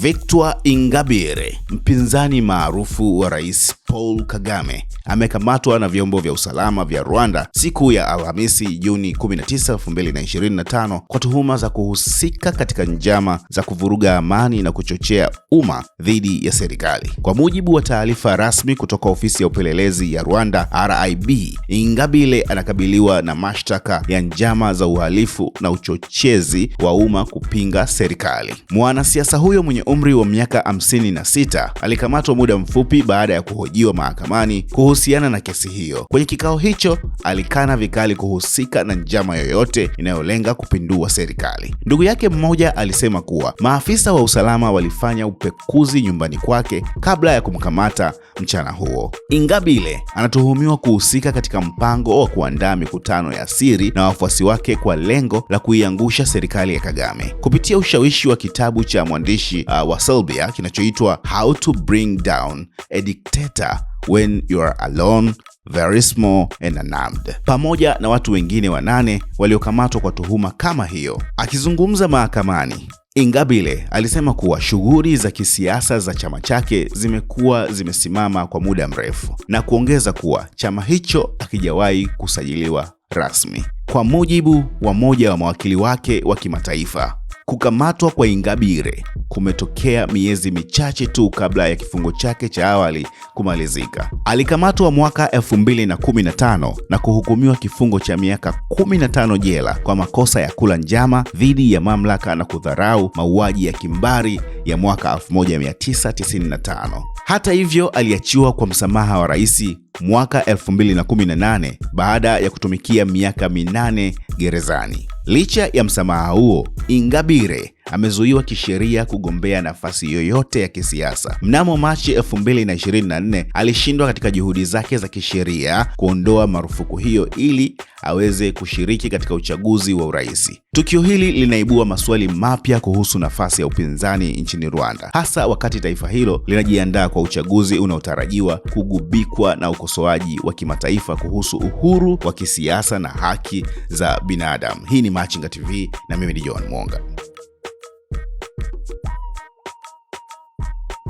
Victor Ingabire, mpinzani maarufu wa Rais Paul Kagame amekamatwa na vyombo vya usalama vya Rwanda siku ya Alhamisi Juni 19, 2025 kwa tuhuma za kuhusika katika njama za kuvuruga amani na kuchochea umma dhidi ya serikali. Kwa mujibu wa taarifa rasmi kutoka ofisi ya upelelezi ya Rwanda RIB, Ingabire anakabiliwa na mashtaka ya njama za uhalifu na uchochezi wa umma kupinga serikali. Mwanasiasa huyo mwenye umri wa miaka 56 alikamatwa muda mfupi baada ya kuhoji kuhojiwa mahakamani kuhusiana na kesi hiyo. Kwenye kikao hicho, alikana vikali kuhusika na njama yoyote inayolenga kupindua serikali. Ndugu yake mmoja alisema kuwa maafisa wa usalama walifanya upekuzi nyumbani kwake kabla ya kumkamata mchana huo. Ingabile anatuhumiwa kuhusika katika mpango wa kuandaa mikutano ya siri na wafuasi wake kwa lengo la kuiangusha serikali ya Kagame kupitia ushawishi wa kitabu cha mwandishi uh, wa Serbia kinachoitwa How to Bring Down a Dictator When You Are Alone, small and unarmed. pamoja na watu wengine wanane waliokamatwa kwa tuhuma kama hiyo. Akizungumza mahakamani, Ingabire alisema kuwa shughuli za kisiasa za chama chake zimekuwa zimesimama kwa muda mrefu na kuongeza kuwa chama hicho hakijawahi kusajiliwa rasmi. Kwa mujibu wa mmoja wa mawakili wake wa kimataifa, Kukamatwa kwa Ingabire kumetokea miezi michache tu kabla ya kifungo chake cha awali kumalizika. Alikamatwa mwaka 2015 na kuhukumiwa kifungo cha miaka 15 jela kwa makosa ya kula njama dhidi ya mamlaka na kudharau mauaji ya kimbari ya mwaka 1995. Hata hivyo, aliachiwa kwa msamaha wa rais mwaka 2018 baada ya kutumikia miaka minane gerezani. Licha ya msamaha huo, Ingabire amezuiwa kisheria kugombea nafasi yoyote ya kisiasa. Mnamo Machi 2024 alishindwa katika juhudi zake za kisheria kuondoa marufuku hiyo ili aweze kushiriki katika uchaguzi wa urais. Tukio hili linaibua maswali mapya kuhusu nafasi ya upinzani nchini Rwanda, hasa wakati taifa hilo linajiandaa kwa uchaguzi unaotarajiwa kugubikwa na ukosoaji wa kimataifa kuhusu uhuru wa kisiasa na haki za binadamu. Hii ni Machinga TV na mimi ni John Mwonga.